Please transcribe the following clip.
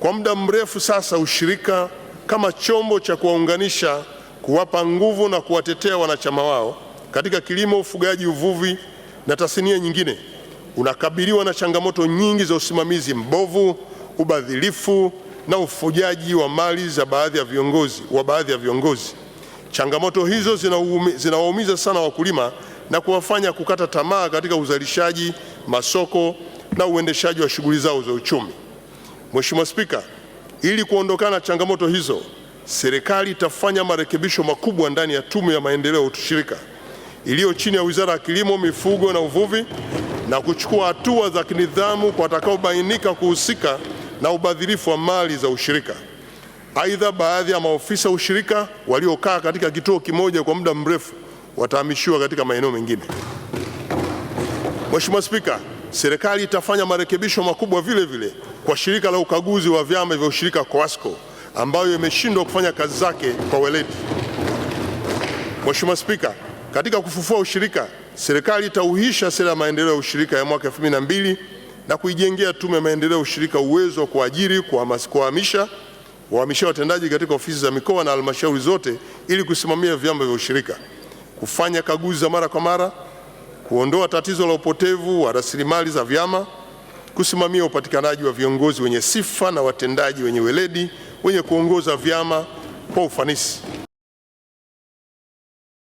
Kwa muda mrefu sasa, ushirika kama chombo cha kuwaunganisha, kuwapa nguvu na kuwatetea wanachama wao katika kilimo, ufugaji, uvuvi na tasnia nyingine, unakabiliwa na changamoto nyingi za usimamizi mbovu, ubadhilifu na ufujaji wa mali za baadhi ya viongozi wa baadhi ya viongozi. Changamoto hizo zinawaumiza sana wakulima na kuwafanya kukata tamaa katika uzalishaji, masoko na uendeshaji wa shughuli zao za uchumi. Mheshimiwa Spika, ili kuondokana changamoto hizo, serikali itafanya marekebisho makubwa ndani ya Tume ya Maendeleo ya Ushirika iliyo chini ya Wizara ya Kilimo, Mifugo na Uvuvi na kuchukua hatua za kinidhamu kwa watakaobainika kuhusika na ubadhirifu wa mali za ushirika. Aidha, baadhi ya maofisa ushirika waliokaa katika kituo kimoja kwa muda mrefu watahamishiwa katika maeneo mengine. Mheshimiwa Spika, serikali itafanya marekebisho makubwa vile vile kwa shirika la ukaguzi wa vyama vya ushirika KOASCO ambayo imeshindwa kufanya kazi zake kwa weledi. Mheshimiwa Spika, katika kufufua ushirika, serikali itauhisha sera ya maendeleo ya ushirika ya mwaka 2002 na kuijengea Tume ya Maendeleo ya Ushirika uwezo wa kuajiri, kuhamisha, kuhamisha watendaji katika ofisi za mikoa na halmashauri zote ili kusimamia vyama vya ushirika, kufanya kaguzi za mara kwa mara, kuondoa tatizo la upotevu wa rasilimali za vyama kusimamia upatikanaji wa viongozi wenye sifa na watendaji wenye weledi wenye kuongoza vyama kwa ufanisi.